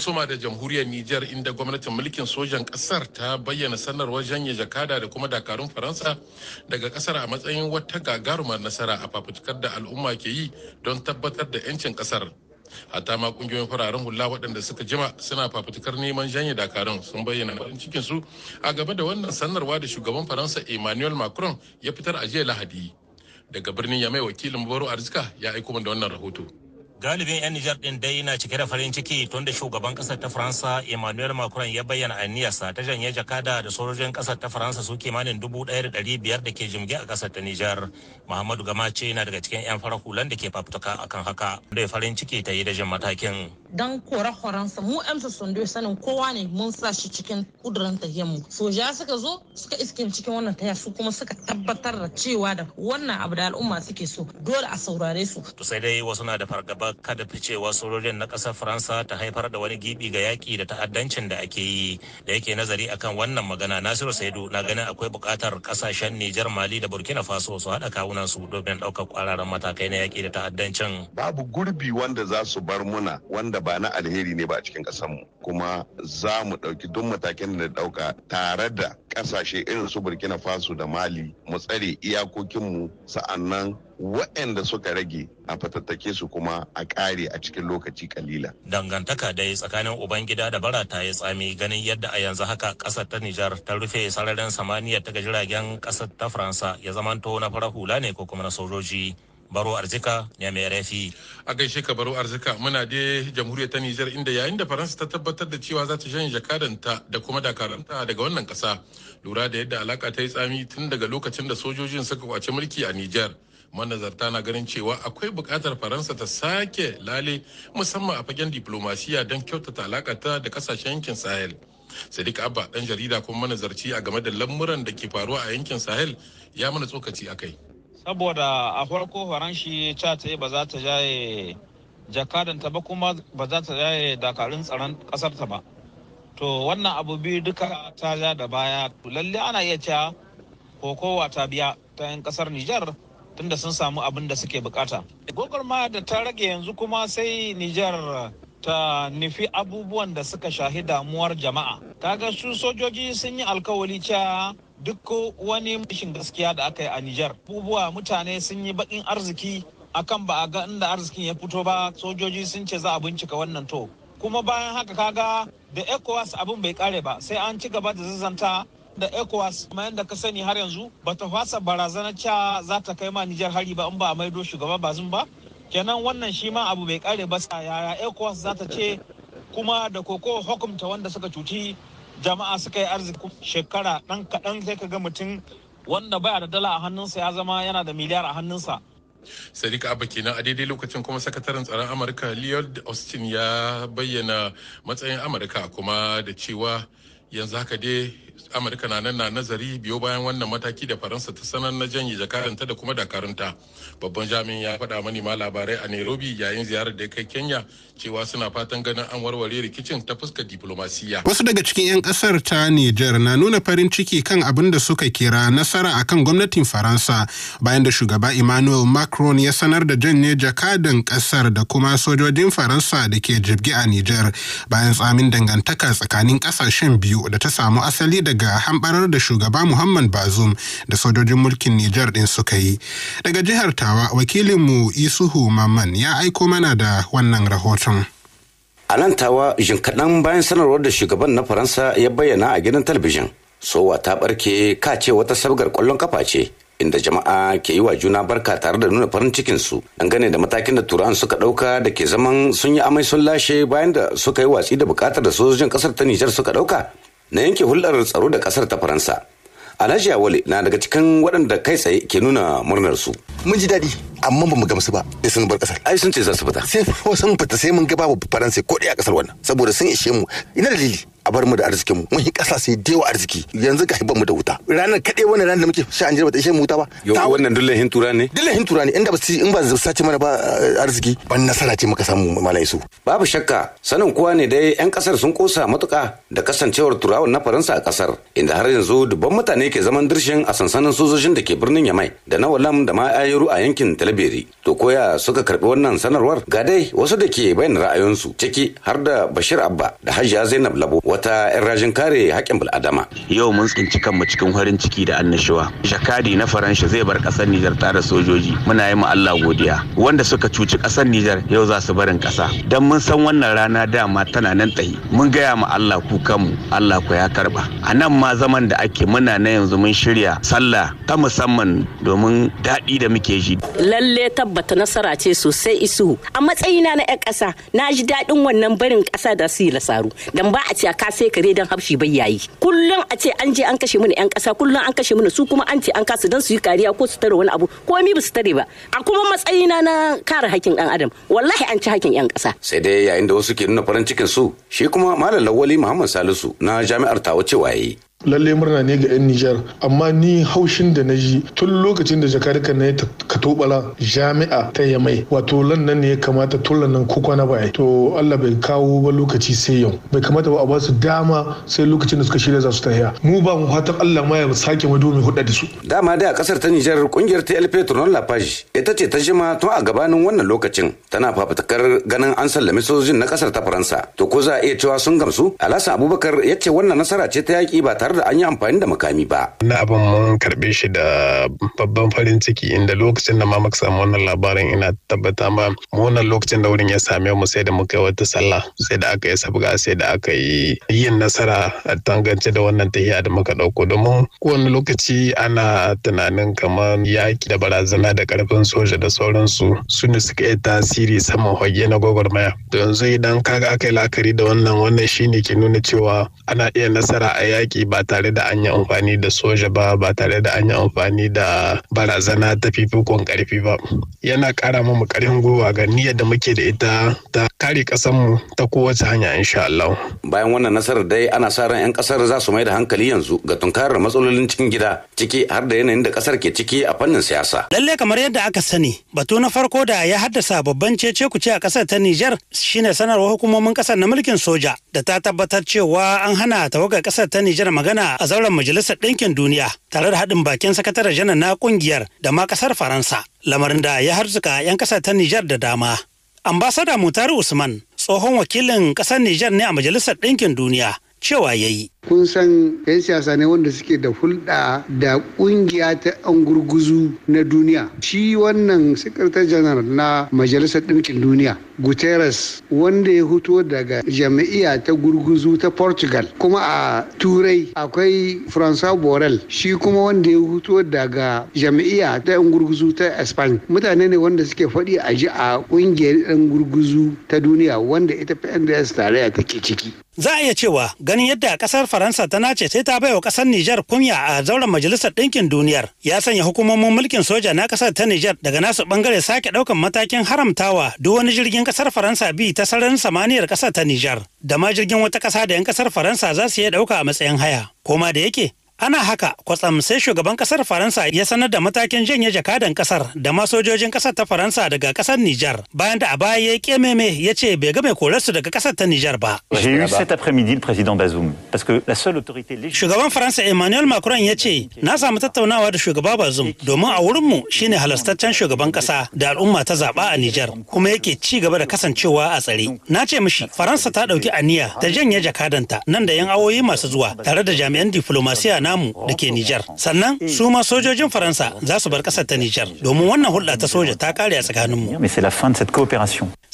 soma da jamhuriyar Nijar inda gwamnatin mulkin sojan kasar ta bayyana sanarwar janye jakada da kuma dakarun Faransa daga kasar a matsayin wata gagarumar nasara a fafutukar da al'umma ke yi don tabbatar da 'yancin kasar. Hatta ma kungiyoyin fararen hula waɗanda suka jima suna fafutukar neman janye dakarun sun bayyana farin cikinsu a gaba da wannan sanarwa da shugaban Faransa Emmanuel Macron ya fitar a jiya Lahadi. Daga birnin Yamai wakilin Baro Arzika ya aiko da wannan rahoto. galibin 'yan nijar ɗin dai na cike da farin ciki tun da shugaban ƙasar ta faransa emmanuel macron ya bayyana aniyarsa ta janye jakada da sojojin ƙasar ta faransa su kimanin dubu ɗaya da ɗari biyar da ke jimge a ƙasar ta nijar muhammadu gamace na daga cikin 'yan fara hulan da ke fafutuka akan haka da farin ciki ta yi da jin matakin dan kora faransa mu amsa sundu sanin kowa ne mun sa shi cikin kudurin ta mu soja suka zo suka iske cikin wannan taya su kuma suka tabbatar da cewa da wannan abu da al'umma suke so dole a saurare su to sai dai wasu na da fargaba ba kada ficewa sororin na ƙasar faransa ta haifar da wani gibi ga yaƙi da ta'addancin da ake yi da yake nazari akan wannan magana nasiru saidu na ganin akwai buƙatar ƙasashen nijar mali da burkina faso su haɗa kawunan su domin ɗaukar ƙwararren matakai na yaƙi da ta'addancin babu gurbi wanda za su bar muna wanda ba na alheri ne ba a cikin ƙasarmu kuma za mu ɗauki duk matakin da ɗauka tare da kasashe irin su burkina faso da mali mu tsare iyakokinmu sa'annan waɗanda suka rage a fatattake su kuma a ƙare a cikin lokaci kalila. Dangantaka dai tsakanin Ubangida da Barata ya tsami ganin yadda a yanzu haka ƙasar ta Nijar ta rufe sararin samaniya ta jiragen ƙasar ta Faransa ya zamanto na fara hula ne ko kuma na sojoji. baro arzika ne mai rafi a gaishe ka baro arzika muna da jamhuriyar ta nijar inda yayin da faransa ta tabbatar da cewa za ta shan jakadanta da kuma dakaranta daga wannan kasa lura da yadda alaka ta yi tsami tun daga lokacin da sojojin suka kwace mulki a nijar manazarta na ganin cewa akwai buƙatar faransa ta sake lale musamman a fagen diplomasiya don kyautata ta da kasashen yankin sahel sadiq abba dan jarida kuma manazarci a game da lamuran da ke faruwa a yankin sahel ya mana tsokaci akai saboda a farko horon shi ca ta ba za ta jaye jakadanta ba kuma ba za ta jaye dakarun tsaron ƙasarta ba to wannan abu biyu duka ta ja da baya to lalle ana iya cewa kokowa ta biya ta yin ƙasar nijar tunda sun samu abin da suke bukata ma da ta rage yanzu kuma sai nijar ta nufi abubuwan da suka shahi damuwar jama'a kaga su sojoji sun yi alkawali cewa duk wani mashin gaskiya da aka yi a Nijar. Abubuwa mutane sun yi bakin arziki akan ba a ga inda arzikin ya fito ba sojoji sun ce za a bincika wannan to. Kuma bayan haka kaga da ECOWAS abin bai kare ba sai an ci gaba da zazzanta da ECOWAS kuma yadda ka sani har yanzu ba ta fasa barazanar cewa za ta kai ma Nijar hari ba in ba a maido shugaba ba zun ba. Kenan wannan shi ma abu bai kare ba sa yaya ECOWAS za ta ce kuma da koko hukumta wanda suka cuci jama'a suka yi arziki shekara ɗan kaɗan sai ka ga mutum wanda baya da dala a hannunsa ya zama yana da miliyar a hannunsa. sadiq abba kenan a daidai lokacin kuma sakataren tsaron amurka lloyd austin ya bayyana matsayin amurka kuma da cewa yanzu haka dai amurka na nan na nazari biyo bayan wannan mataki da faransa ta sanar na janye jakaranta da kuma dakarunta babban jami'in ya faɗa mani ma labarai a nairobi yayin ziyarar da kai kenya cewa suna fatan ganin an warware rikicin ta fuskar diplomasiya wasu daga cikin 'yan kasar ta niger na nuna farin ciki kan abin da suka kira nasara akan gwamnatin faransa bayan da shugaba emmanuel macron ya sanar da janye jakadan kasar da kuma sojojin faransa da ke jibgi a niger bayan tsamin dangantaka tsakanin kasashen biyu biyu da ta samu asali daga hambarar da shugaba Muhammad Bazum da sojojin mulkin Nijar ɗin suka yi. Daga jihar Tawa wakilinmu Isuhu Maman ya aiko mana da wannan rahoton. A nan tawa jin kaɗan bayan sanarwar da shugaban na Faransa ya bayyana a gidan talabijin. Sowa ta ɓarke ce wata sabgar ƙwallon kafa ce inda jama'a ke yi wa juna barka tare da nuna farin cikin su dangane da matakin da turan suka ɗauka da ke zaman sun yi amai sun lashe bayan da suka yi watsi da bukatar da sojojin ƙasar ta Nijar suka ɗauka? na yanke hulɗar tsaro da ƙasar ta faransa alhaji awale na daga cikin waɗanda kai tsaye ke nuna murnar su mun ji daɗi amma ba mu gamsu ba da sun bar kasar ai sun ce za su fita sai sun fita sai mun ga babu faransa ko a kasar wannan saboda sun ishe mu ina dalili a bar mu da arzikin mu mun yi sai dai wa arziki yanzu ga ban mu da wuta ranar kaɗai wannan ranar da muke sha an jira bata ishe mu wuta ba yau wannan hin tura ne hin tura ne inda ba in ba sace mana ba eh, arziki ban nasara ce muka samu malai su babu shakka sanin kowa ne dai yan kasar sun kosa matuka da kasancewar turawan na faransa a kasar inda har yanzu dubban mutane ke zaman dirshin a sansanin sojojin da ke birnin yamai da na walam da ma Aleru a yankin Talabiri. To koya suka karbi wannan sanarwar? Ga dai wasu da ke bayyana ra'ayoyinsu, ciki har da Bashir Abba da Hajiya Zainab Labo wata 'yan rajin kare haƙƙin bil'adama. Yau mun tsinci kanmu cikin farin ciki da annashuwa. Jakadi na Faransa zai bar ƙasar Nijar tare da sojoji. Muna yi mu Allah godiya. Wanda suka cuci ƙasar Nijar yau za su barin ƙasa. Dan mun san wannan rana dama tana nan tsaye. Mun gaya ma Allah ku kanmu. Allah ku ya karba. A nan ma zaman da ake muna na yanzu mun shirya sallah ta musamman domin daɗi da muke lallai shi. Lalle tabbata nasara ce sosai isu. A matsayina na 'yan ƙasa na ji daɗin wannan barin ƙasa da su yi lasaru. Dan ba a ce ka sai kare dan hafshi bai yayi. Kullum a ce an je an kashe mana 'yan ƙasa kullum an kashe mana su kuma an ce an kasu don su yi kariya ko su tare wani abu ko mi ba su tare ba. A kuma matsayina na kare hakkin ɗan adam wallahi an ci hakkin 'yan ƙasa. Sai dai yayin da wasu ke nuna farin cikin su shi kuma malam Lawali Muhammad Salisu na jami'ar Tawa cewa yayi. lalle murna ne ga 'yan Nijar amma ni haushin da na ji tun lokacin da jakarka na ya katobala jami'a ta yamai wato lannan ne ya kamata tun lannan kuka na baya to Allah bai kawo ba lokaci sai yau bai kamata ba a ba dama sai lokacin da suka shirya za su tafiya mu ba mu fatan Allah ma ya sake mu domin hudda da su dama dai a kasar ta Nijar kungiyar TLP la Lafaji ita ce ta jima tun a gabanin wannan lokacin tana fafatakar ganin an sallame sojojin na kasar ta Faransa to ko za a iya cewa sun gamsu Alhassan Abubakar ya ce wannan nasara ce ta yaki ba tare tare da an yi amfani da makami ba. Na abin mun karɓe shi da babban farin ciki inda lokacin da mamaki samu wannan labarin ina tabbata ma mu wannan lokacin da wurin ya same mu sai da muka yi wata sallah sai da aka yi sabga sai da aka yi yin nasara a tangance da wannan tahiya da muka ɗauko domin kowane lokaci ana tunanin kamar yaki da barazana da karfin soja da sauransu su ne suka yi tasiri saman hoge na gwagwarmaya. To yanzu idan kaga aka yi la'akari da wannan wannan shine ke nuna cewa ana iya nasara a yaƙi ba tare da an yi amfani da soja ba ba tare da an yi amfani da barazana ta fifikon karfi ba yana kara mu karfin gwiwa ga niyyar da muke da ita ta kare mu ta kowace hanya insha Allah. Bayan wannan nasarar dai ana sa ran 'yan kasar za su mai da hankali yanzu ga tunkarar matsalolin cikin gida ciki har da yanayin da kasar ke ciki a fannin siyasa. Lalle kamar yadda aka sani batu na farko da ya haddasa babban cece kuce a kasar ta Nijar shine sanarwar hukumomin kasar na mulkin soja da ta tabbatar cewa an hana tawagar kasar ta Nijar magana a zauren majalisar ɗinkin duniya tare da haɗin bakin sakataren janar na kungiyar da ma kasar Faransa. Lamarin da ya harzuka 'yan kasar ta Niger da dama. ambasada mutar usman tsohon wakilin ƙasar nijar ne a majalisar ɗinkin duniya cewa ya yi kun san 'yan siyasa ne wanda suke da hulɗa da ƙungiya ta 'yan gurguzu na duniya shi wannan sakatar janar na majalisar ɗinkin duniya guterres wanda ya hutu daga jami'a ta gurguzu ta portugal kuma a turai akwai francois borel shi kuma wanda ya hutu daga jami'a ta 'yan gurguzu ta espan mutane ne wanda suke faɗi a ji a ƙungiyar 'yan gurguzu ta duniya wanda ita pnds tarayya take ciki za a iya cewa ganin yadda ƙasar Faransa ta nace sai ta baiwa ƙasar Nijar kunya a zauren Majalisar Ɗinkin Duniyar ya sanya hukumomin mulkin soja na ƙasar ta Nijar daga nasu ɓangare sake ɗaukan matakin haramtawa duk wani jirgin ƙasar Faransa bi ta sararin samaniyar ƙasar ta Nijar da ma jirgin wata ƙasa da 'yan ƙasar Faransa za su iya ɗauka a matsayin haya. Koma da yake ana haka kwatsam sai shugaban kasar faransa ya sanar da matakin janye jakadan kasar da masojojin kasar ta faransa daga kasar nijar bayan da a baya ya kememe ya ce bai ga mai korarsu daga kasar ta nijar ba shugaban faransa emmanuel macron ya ce na samu tattaunawa da shugaba bazum domin a wurinmu shine halastaccen shugaban kasa da al'umma ta zaba a nijar kuma yake ci gaba da kasancewa a tsare na ce mishi faransa ta ɗauki aniya ta janye jakadanta nan da yan awoyi masu zuwa tare da jami'an diflomasiya na namu oh, da ke Nijar. Sannan hmm. su ma sojojin Faransa za su bar ƙasar ta Nijar domin wannan hulɗa ta soja ta kare a tsakaninmu.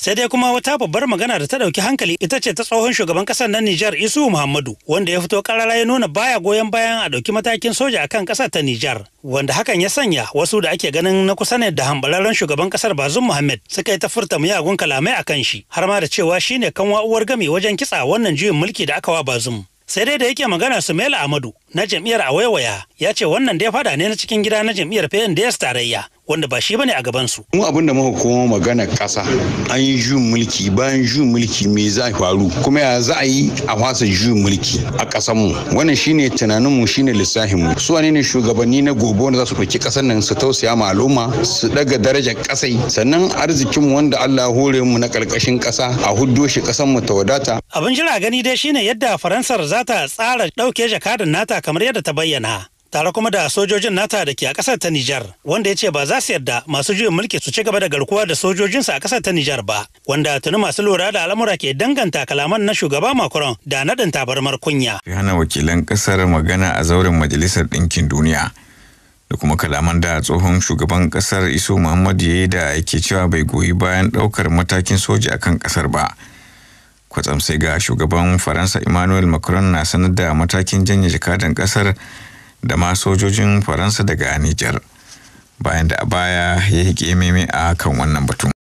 Sai dai kuma wata babbar magana da ta ɗauki hankali ita ce ta tsohon shugaban ƙasar na Nijar Isu Muhammadu wanda ya fito ƙarara ya nuna baya goyon bayan a ɗauki matakin soja a kan ƙasar ta Nijar. Wanda hakan ya sanya wasu da ake ganin na kusa ne da hambararren shugaban ƙasar Bazum Muhammad suka yi ta furta miyagun kalamai kan shi har ma da cewa shine kanwa uwar gami wajen kitsa wannan juyin mulki da aka wa Bazum. sai dai da yake magana sumaila amadu na jam'iyyar awaiwaya ya ce wannan dai fada ne na cikin gida na jam'iyyar pnds tarayya wanda ba shi bane a gaban su mu abin da muka koma magana kasa an yi juyin mulki bayan juyin mulki me za faru kuma ya za a yi a fasa juyin mulki a kasan mu wannan shine tunanin mu shine lissafin mu su wane ne shugabanni na gobe wanda za su ɗauki kasar nan su tausaya ma al'umma su daga darajar kasai sannan arzikin mu wanda Allah hore mu na karkashin kasa a huddo shi kasan mu ta wadata abin jira gani dai shine yadda faransar za ta tsara ɗauke jakadan nata kamar yadda ta bayyana tare kuma da sojojin nata da ke a kasar ta Nijar wanda ya ce ba za su yarda masu juyin mulki su ci gaba da garkuwa da sojojinsu a kasar ta Nijar ba wanda tuni masu lura da al'amura ke danganta kalaman na shugaba Macron da naɗin tabarmar kunya. Ya hana wakilan ƙasar magana a zauren majalisar ɗinkin duniya da kuma kalaman da tsohon shugaban ƙasar Iso Muhammad ya yi da yake cewa bai goyi bayan ɗaukar matakin soja kan ƙasar ba. Kwatsam sai ga shugaban Faransa Emmanuel Macron na sanar da matakin janye jakadan ƙasar da ma sojojin faransa daga nijar bayan da a baya ya yi a kan wannan batun